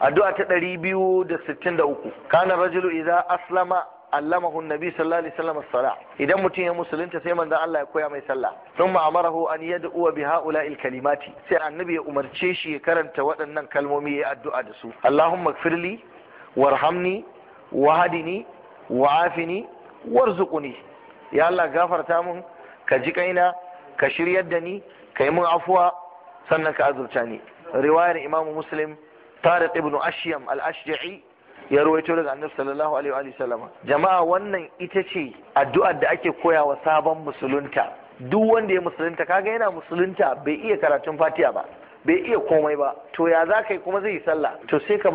addu'a ta ɗari biyu da sittin da uku kana rajulu idza aslama allamahu nabi sallallahu alaihi wasallam as idan mutum ya musulunta sai manzon Allah ya koya mai sallah thumma amarahu an yad'u bi ha'ula'il kalimati sai annabi ya umarce shi ya karanta waɗannan kalmomi ya addu'a da su allahumma gfirli warhamni wahdini wa'afini warzuqni ya Allah gafarta mun ka ji kaina ka shiryar da ni ka yi mun afuwa sannan ka azurta ni riwayar imamu muslim tariq ibn ashyam al-ashja'i ya rawaito daga annabi sallallahu alaihi wa sallama jama'a wannan ita ce addu'ar da ake koyawa sabon musulunta duk wanda ya musulunta kaga yana musulunta bai iya karatun fatiha ba bai iya komai ba to ya za ka kuma zai yi sallah to sai ka